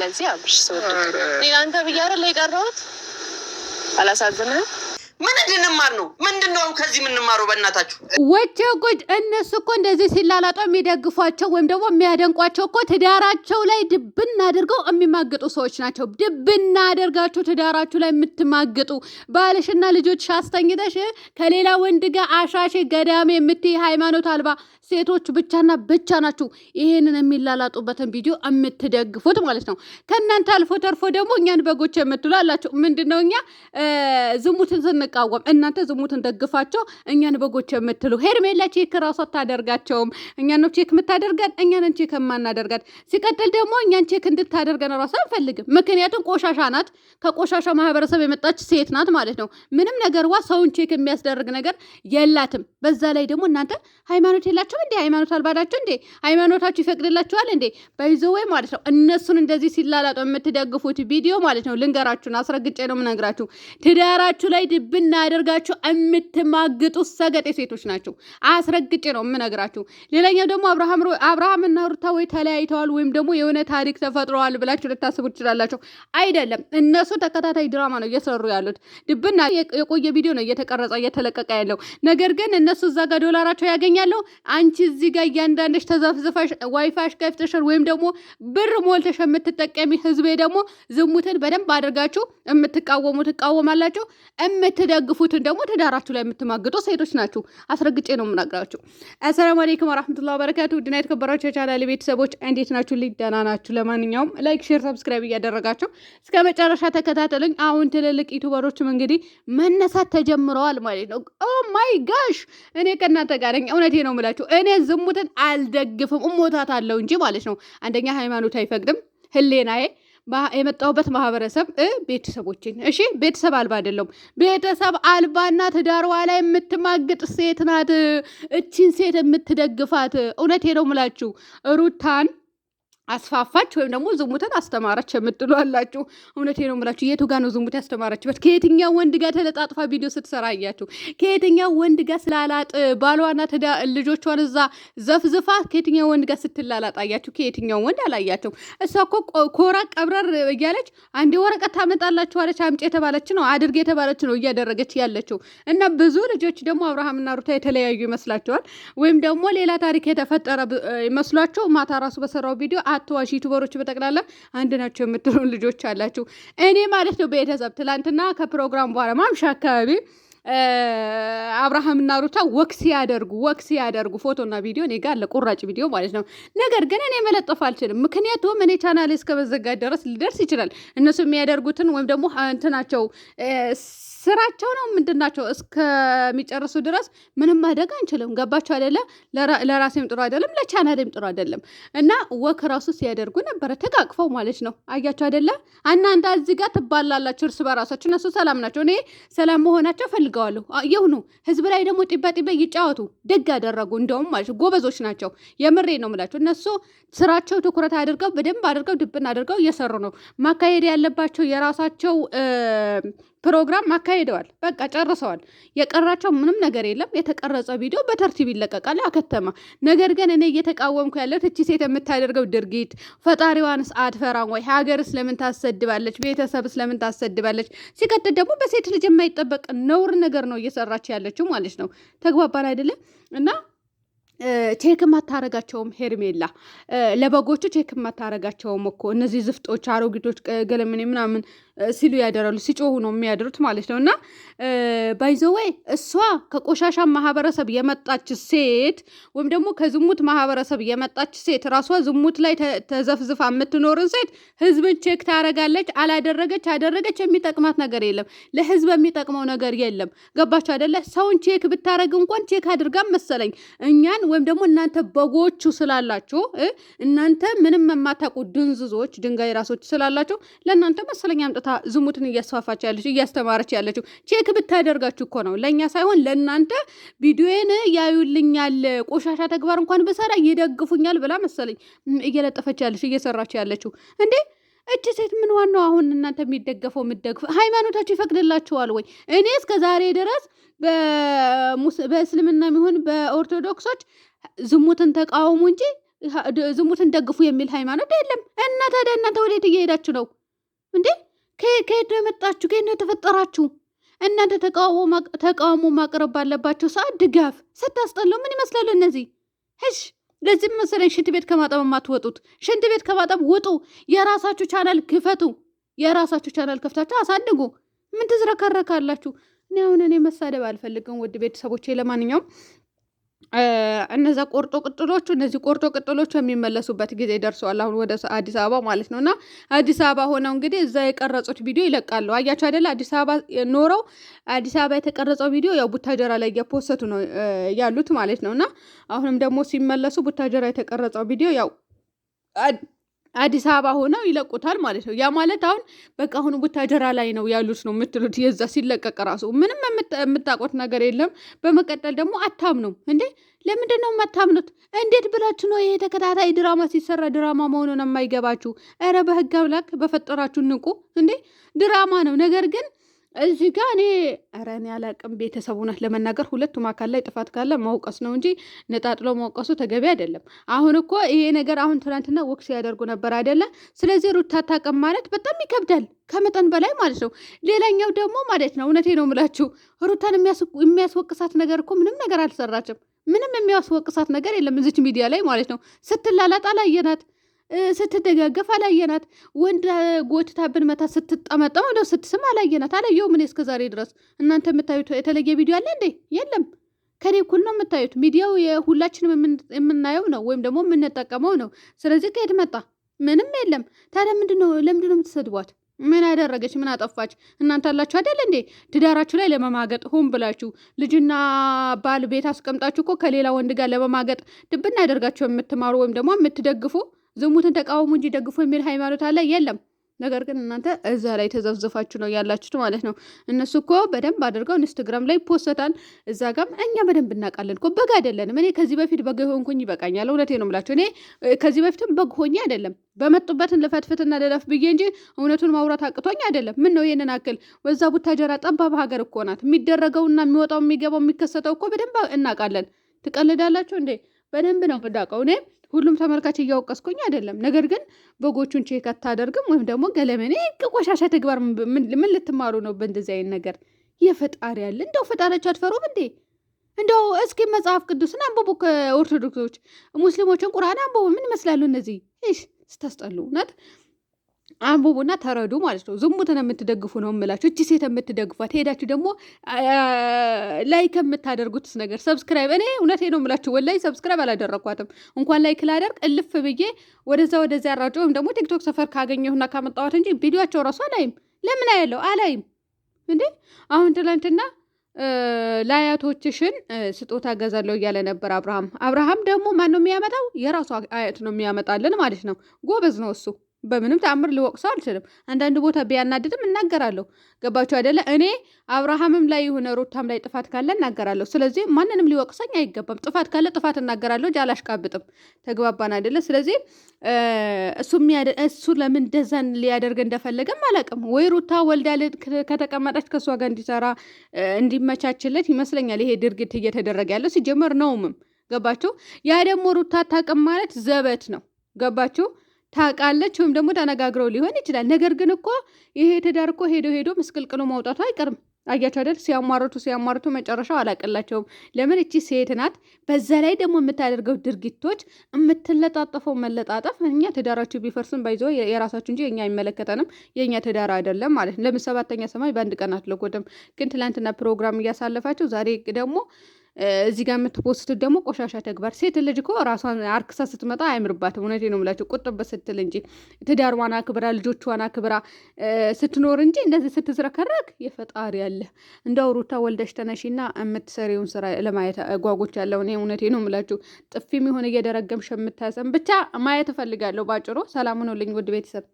ስለዚህ አብርሽ ሰወድ አንተ ብያረ ላይ የቀረሁት። አላሳዝንህም። ምን እንድንማር ነው? ምንድን ነው ከዚህ የምንማረው? በእናታችሁ ወጀ ጉድ! እነሱ እኮ እንደዚህ ሲላላጡ የሚደግፏቸው ወይም ደግሞ የሚያደንቋቸው እኮ ትዳራቸው ላይ ድብን አድርገው የሚማግጡ ሰዎች ናቸው። ድብን አድርጋችሁ ትዳራችሁ ላይ የምትማግጡ ባልሽና ልጆች አስተኝተሽ ከሌላ ወንድ ጋር አሻሽ ገዳሜ የምትይ ሃይማኖት አልባ ሴቶች ብቻና ብቻ ናችሁ ይሄንን የሚላላጡበትን ቪዲዮ የምትደግፉት ማለት ነው። ከእናንተ አልፎ ተርፎ ደግሞ እኛን በጎች የምትሉ አላቸው። ምንድነው እኛ ዝሙትን ስንቃወም እናንተ ዝሙትን ደግፋቸው እኛን በጎች የምትሉ ሄርሜላ ቼክ ራሱ አታደርጋቸውም። እኛን ነው ቼክ የምታደርገን፣ እኛንን ቼክ የማናደርጋት። ሲቀጥል ደግሞ እኛን ቼክ እንድታደርገን ራሱ አንፈልግም። ምክንያቱም ቆሻሻ ናት፣ ከቆሻሻ ማህበረሰብ የመጣች ሴት ናት ማለት ነው። ምንም ነገርዋ ሰውን ቼክ የሚያስደርግ ነገር የላትም። በዛ ላይ ደግሞ እናንተ ሃይማኖት የላቸው እንዴ? ሃይማኖት አልባ እንዴ? ሃይማኖታችሁ ይፈቅድላችኋል እንዴ? ባይዘወይ ማለት ነው። እነሱን እንደዚህ ሲላላጡ የምትደግፉት ቪዲዮ ማለት ነው። ልንገራችሁን፣ አስረግጬ ነው የምነግራችሁ። ትዳራችሁ ላይ ድብና ያደርጋችሁ የምትማግጡ ሰገጤ ሴቶች ናቸው። አስረግጬ ነው የምነግራችሁ። ሌላኛው ደግሞ አብርሃምና ሩታ ወይ ተለያይተዋል ወይም ደግሞ የሆነ ታሪክ ተፈጥረዋል ብላችሁ ልታስቡ ትችላላችሁ። አይደለም፣ እነሱ ተከታታይ ድራማ ነው እየሰሩ ያሉት። ድብና የቆየ ቪዲዮ ነው እየተቀረጸ እየተለቀቀ ያለው ነገር ግን እነሱ እዛ ጋር ዶላራቸው ያገኛሉ። አንቺ እዚህ ጋር እያንዳንደሽ ተዘፍዘፋሽ ዋይፋሽ ከፍተሻል ወይም ደግሞ ብር ሞልተሽ የምትጠቀሚ ህዝቤ ደግሞ ዝሙትን በደንብ አድርጋችሁ የምትቃወሙ ትቃወማላችሁ፣ የምትደግፉትን ደግሞ ትዳራችሁ ላይ የምትማግጡ ሴቶች ናችሁ። አስረግጬ ነው የምናግራችሁ። አሰላሙ አሌይኩም ወራህመቱላሂ በረካቱ ድና የተከበራችሁ የቻናሌ ቤተሰቦች እንዴት ናችሁ? ልጅ ደህና ናችሁ? ለማንኛውም ላይክ፣ ሼር፣ ሰብስክራይብ እያደረጋችሁ እስከ መጨረሻ ተከታተሉኝ። አሁን ትልልቅ ዩቱበሮችም እንግዲህ መነሳት ተጀምረዋል ማለት ነው። ኦ ማይ ጋሽ እኔ ከእናንተ ጋር እውነቴ ነው የምላችሁ እኔ ዝሙትን አልደግፍም፣ እሞታታለሁ እንጂ ማለት ነው። አንደኛ ሃይማኖት አይፈቅድም፣ ህሌናዬ የመጣሁበት ማህበረሰብ ቤተሰቦችን እሺ፣ ቤተሰብ አልባ አይደለም። ቤተሰብ አልባና ትዳርዋ ላይ የምትማግጥ ሴት ናት። እቺን ሴት የምትደግፋት እውነት ሄደው ምላችሁ ሩታን አስፋፋች ወይም ደግሞ ዝሙተን አስተማረች የምትሉ አላችሁ። እውነቴ ነው የምላችሁ። የቱ ጋር ነው ዝሙት ያስተማረችበት? ከየትኛው ወንድ ጋር ተለጣጥፋ ቪዲዮ ስትሰራ አያችሁ? ከየትኛው ወንድ ጋር ስላላጥ ባሏና ልጆቿን እዛ ዘፍዝፋ ከየትኛው ወንድ ጋር ስትላላጥ አያችሁ? ከየትኛው ወንድ አላያቸው። እሷ እኮ ኮራ ቀብረር እያለች አንድ ወረቀት አለች፣ አምጪ የተባለች ነው አድርግ የተባለች ነው እያደረገች ያለችው እና ብዙ ልጆች ደግሞ አብርሃምና ሩታ የተለያዩ ይመስላቸዋል። ወይም ደግሞ ሌላ ታሪክ የተፈጠረ ይመስሏቸው ማታ ራሱ በሰራው ቪዲዮ አትዋሽ ዩቱበሮች በጠቅላላ አንድ ናቸው የምትሉን ልጆች አላችሁ። እኔ ማለት ነው ቤተሰብ ትላንትና ከፕሮግራም በኋላ ማምሻ አካባቢ አብርሃምና ሩታ ወክ ሲያደርጉ ወክ ሲያደርጉ ፎቶና ቪዲዮ እኔ ጋር ለቁራጭ ቪዲዮ ማለት ነው። ነገር ግን እኔ መለጠፍ አልችልም፣ ምክንያቱም እኔ ቻናል እስከመዘጋት ድረስ ሊደርስ ይችላል። እነሱ የሚያደርጉትን ወይም ደግሞ እንትናቸው ስራቸው ነው ምንድናቸው እስከሚጨርሱ ድረስ ምንም ማደግ አንችልም። ገባቸው አይደለ? ለራሴም ጥሩ አይደለም፣ ለቻናልም ጥሩ አይደለም። እና ወክ ራሱ ሲያደርጉ ነበረ ተቃቅፈው ማለት ነው። አያቸው አይደለ? አናንዳ እዚህ ጋር ትባላላችሁ እርስ በራሳችሁ። እነሱ ሰላም ናቸው፣ እኔ ሰላም መሆናቸው ፈልገው አደርገዋለሁ። የሁኑ ህዝብ ላይ ደግሞ ጢባ ጢባ ይጫወቱ። ደግ ያደረጉ እንደውም ማለት ጎበዞች ናቸው። የምሬ ነው ምላቸው። እነሱ ስራቸው ትኩረት አድርገው በደንብ አድርገው ድብን አድርገው እየሰሩ ነው። ማካሄድ ያለባቸው የራሳቸው ፕሮግራም አካሂደዋል። በቃ ጨርሰዋል። የቀራቸው ምንም ነገር የለም። የተቀረጸ ቪዲዮ በተርቲብ ይለቀቃል። አከተማ። ነገር ግን እኔ እየተቃወምኩ ያለት እቺ ሴት የምታደርገው ድርጊት ፈጣሪዋንስ አትፈራም ወይ? ሀገርስ ለምን ታሰድባለች? ቤተሰብስ ለምን ታሰድባለች? ሲቀጥል ደግሞ በሴት ልጅ የማይጠበቅ ነውር ነገር ነው እየሰራች ያለችው ማለት ነው። ተግባባን አይደለም እና ቼክ ማታረጋቸውም ሄርሜላ ለበጎቹ ቼክ ማታረጋቸውም እኮ እነዚህ ዝፍጦች፣ አሮጊቶች፣ ገለምን ምናምን ሲሉ ያደራሉ። ሲጮሁ ነው የሚያድሩት ማለት ነው። እና ባይዘወይ እሷ ከቆሻሻ ማህበረሰብ የመጣች ሴት ወይም ደግሞ ከዝሙት ማህበረሰብ የመጣች ሴት ራሷ ዝሙት ላይ ተዘፍዝፋ የምትኖርን ሴት ህዝብን ቼክ ታረጋለች። አላደረገች አደረገች፣ የሚጠቅማት ነገር የለም። ለህዝብ የሚጠቅመው ነገር የለም። ገባቸው አይደለ? ሰውን ቼክ ብታረግ እንኳን ቼክ አድርጋም መሰለኝ እኛን ወይም ደግሞ እናንተ በጎቹ ስላላችሁ እናንተ ምንም የማታውቁ ድንዝዞች ድንጋይ ራሶች ስላላችሁ ለእናንተ መሰለኛ አምጥታ ዝሙትን እያስፋፋች ያለች እያስተማረች ያለችው ቼክ ብታደርጋችሁ እኮ ነው። ለእኛ ሳይሆን ለእናንተ ቪዲዮን ያዩልኛል፣ ቆሻሻ ተግባር እንኳን ብሰራ ይደግፉኛል ብላ መሰለኝ እየለጠፈች ያለች እየሰራች ያለችው እንዴ እች ሴት ምን ዋናው አሁን እናንተ የሚደገፈው የምደግፈ ሃይማኖታችሁ ይፈቅድላችኋል ወይ? እኔ እስከ ዛሬ ድረስ በእስልምና የሚሆን በኦርቶዶክሶች ዝሙትን ተቃውሙ እንጂ ዝሙትን ደግፉ የሚል ሃይማኖት የለም። እና ታዲያ እናንተ ወዴት እየሄዳችሁ ነው እንዴ? ከየት ነው የመጣችሁ? ከየት ነው የተፈጠራችሁ? እናንተ ተቃውሞ ማቅረብ ባለባቸው ሰዓት ድጋፍ ስታስጠለው ምን ይመስላሉ እነዚህ ሽ ለዚህም መሰለኝ ሽንት ቤት ከማጠብ የማትወጡት። ሽንት ቤት ከማጠብ ውጡ፣ የራሳችሁ ቻናል ክፈቱ፣ የራሳችሁ ቻናል ከፍታችሁ አሳድጉ። ምን ትዝረከረካላችሁ? እኔ አሁን እኔ መሳደብ አልፈልግም ውድ ቤተሰቦቼ። ለማንኛውም እነዛ ቆርጦ ቅጥሎቹ እነዚህ ቆርጦ ቅጥሎቹ የሚመለሱበት ጊዜ ደርሰዋል። አሁን ወደ አዲስ አበባ ማለት ነው እና አዲስ አበባ ሆነው እንግዲህ እዛ የቀረጹት ቪዲዮ ይለቃሉ። አያቸው አይደለ? አዲስ አበባ ኖረው አዲስ አበባ የተቀረጸው ቪዲዮ ያው ቡታጀራ ላይ እየፖሰቱ ነው ያሉት ማለት ነው እና አሁንም ደግሞ ሲመለሱ ቡታጀራ የተቀረጸው ቪዲዮ ያው አዲስ አበባ ሆነው ይለቁታል ማለት ነው። ያ ማለት አሁን በቃ አሁን ቡታጀራ ላይ ነው ያሉት ነው የምትሉት። የዛ ሲለቀቅ ራሱ ምንም የምታውቁት ነገር የለም። በመቀጠል ደግሞ አታምኑም እንዴ? ለምንድን ነው የማታምኑት? እንዴት ብላችሁ ነው ይሄ ተከታታይ ድራማ ሲሰራ ድራማ መሆኑን የማይገባችሁ? ኧረ በህግ አምላክ በፈጠራችሁ ንቁ እንዴ! ድራማ ነው ነገር ግን እዚህ ጋ እኔ ኧረ እኔ አላቅም። ቤተሰብ እውነት ለመናገር ሁለቱም አካል ላይ ጥፋት ካለ መውቀስ ነው እንጂ ነጣጥሎ መውቀሱ ተገቢ አይደለም። አሁን እኮ ይሄ ነገር አሁን ትናንትና ወቅስ ያደርጉ ነበር አይደለ? ስለዚህ ሩታ ታቀም ማለት በጣም ይከብዳል፣ ከመጠን በላይ ማለት ነው። ሌላኛው ደግሞ ማለት ነው እውነቴ ነው የምላችሁ ሩታን የሚያስወቅሳት ነገር እኮ ምንም ነገር አልሰራችም። ምንም የሚያስወቅሳት ነገር የለም እዚች ሚዲያ ላይ ማለት ነው። ስትላላጣ ላየናት ስትደጋገፍ አላየናት። ወንድ ጎትታብን መታ ስትጠመጠም ወደ ስትስም አላየናት። አላየሁም እኔ ዛሬ ድረስ። እናንተ የምታዩት የተለየ ቪዲዮ አለ እንዴ? የለም። ከኔ እኩል ነው የምታዩት። ሚዲያው የሁላችንም የምናየው ነው ወይም ደግሞ የምንጠቀመው ነው። ስለዚህ ከየት መጣ? ምንም የለም። ታዲያ ምንድነው? ለምንድነው የምትሰድቧት? ምን አደረገች? ምን አጠፋች? እናንተ አላችሁ አይደል እንዴ ትዳራችሁ ላይ ለመማገጥ ሆን ብላችሁ ልጅና ባል ቤት አስቀምጣችሁ እኮ ከሌላ ወንድ ጋር ለመማገጥ ድብና ያደርጋችሁ የምትማሩ ወይም ደግሞ የምትደግፉ ዝሙትን ተቃውሞ እንጂ ደግፎ የሚል ሃይማኖት አለ የለም። ነገር ግን እናንተ እዛ ላይ ተዘፍዘፋችሁ ነው ያላችሁት ማለት ነው። እነሱ እኮ በደንብ አድርገው ኢንስትግራም ላይ ፖስታል። እዛ ጋም እኛ በደንብ እናውቃለን እኮ በግ አይደለንም። እኔ ከዚህ በፊት በግ ሆንኩኝ ይበቃኛል። እውነቴ ነው የምላቸው። እኔ ከዚህ በፊትም በግ ሆኜ አይደለም በመጡበትን ልፈትፍትና ልለፍ ብዬ እንጂ እውነቱን ማውራት አቅቶኝ አይደለም። ምን ነው ይህንን አክል በዛ ቡታጀራ ጠባብ ሀገር እኮ ናት። የሚደረገውና የሚወጣው የሚገባው የሚከሰተው እኮ በደንብ እናውቃለን። ትቀልዳላችሁ እንዴ? በደንብ ነው የምዳውቀው እኔ ሁሉም ተመልካች እያወቀስኩኝ አይደለም። ነገር ግን በጎቹን ቼክ አታደርግም ወይም ደግሞ ገለመኔ ቆሻሻ ተግባር ምን ልትማሩ ነው? በእንደዚህ አይነት ነገር የፈጣሪ ያለ እንደው ፈጣሪያቸው አትፈሩም እንዴ? እንደው እስኪ መጽሐፍ ቅዱስን አንብቡ። ከኦርቶዶክሶች ሙስሊሞችን ቁርአን አንብቡ። ምን ይመስላሉ እነዚህ? ስታስጠሉ እውነት አንብቡና ተረዱ ማለት ነው። ዝሙትን የምትደግፉ ነው የምላችሁ። እቺ ሴት የምትደግፏት ሄዳችሁ ደግሞ ላይክ ከምታደርጉትስ ነገር ሰብስክራይብ፣ እኔ እውነቴ ነው የምላችሁ ወላይ ሰብስክራይብ አላደረግኳትም። እንኳን ላይክ ላደርግ እልፍ ብዬ ወደዛ ወደዚያ አራጭ ወይም ደግሞ ቲክቶክ ሰፈር ካገኘሁና ካመጣዋት እንጂ ቪዲዮቸው ራሱ አላይም። ለምን አያለው አላይም እንዴ? አሁን ትላንትና ለአያቶችሽን ስጦታ ገዛለሁ እያለ ነበር አብርሃም። አብርሃም ደግሞ ማን ነው የሚያመጣው? የራሱ አያት ነው የሚያመጣልን ማለት ነው። ጎበዝ ነው እሱ። በምንም ተአምር ልወቅሰው አልችልም። አንዳንድ ቦታ ቢያናድድም እናገራለሁ። ገባችሁ አይደለ? እኔ አብርሃምም ላይ የሆነ ሩታም ላይ ጥፋት ካለ እናገራለሁ። ስለዚህ ማንንም ሊወቅሰኝ አይገባም። ጥፋት ካለ ጥፋት እናገራለሁ። አላሽቃብጥም። ተግባባን አይደለ? ስለዚህ እሱ ለምን ደዛን ሊያደርግ እንደፈለገም አላውቅም። ወይ ሩታ ወልዳ ከተቀመጠች ከእሷ ጋር እንዲሰራ እንዲመቻችለት ይመስለኛል ይሄ ድርጊት እየተደረገ ያለው ሲጀመር ነውምም። ገባችሁ? ያ ደግሞ ሩታ ታቅም ማለት ዘበት ነው። ገባችሁ? ታውቃለች ወይም ደግሞ ተነጋግረው ሊሆን ይችላል። ነገር ግን እኮ ይሄ ትዳር እኮ ሄዶ ሄዶ ምስቅልቅሎ መውጣቱ አይቀርም። አያቸው አይደል? ሲያሟርቱ ሲያሟርቱ መጨረሻው አላቅላቸውም። ለምን እቺ ሴት ናት። በዛ ላይ ደግሞ የምታደርገው ድርጊቶች፣ የምትለጣጠፈው መለጣጠፍ እኛ ትዳራችሁ ቢፈርስም ባይዞ የራሳችሁ እንጂ የኛ አይመለከተንም። የእኛ ትዳር አይደለም ማለት ነው። ለምን ሰባተኛ ሰማይ በአንድ ቀን አትለጎደም? ግን ትላንትና ፕሮግራም እያሳለፋቸው ዛሬ ደግሞ እዚህ ጋር የምትፖስቱት ደግሞ ቆሻሻ ተግባር። ሴት ልጅ እኮ ራሷን አርክሳ ስትመጣ አያምርባትም። እውነቴ ነው የምላቸው ቁጥበት ስትል እንጂ ትዳርዋን አክብራ ልጆቿን አክብራ ስትኖር እንጂ እንደዚህ ስትዝረከረክ የፈጣሪ አለ። እንደው ሩታ ወልደሽ ተነሺና የምትሰሪውን ስራ ለማየት ጓጎች ያለው እኔ እውነቴ ነው የምላችሁ። ጥፊም የሆነ እየደረገምሽ የምታሰም ብቻ ማየት እፈልጋለሁ። ባጭሩ ሰላም ሆኖልኝ ውድ ቤተሰብ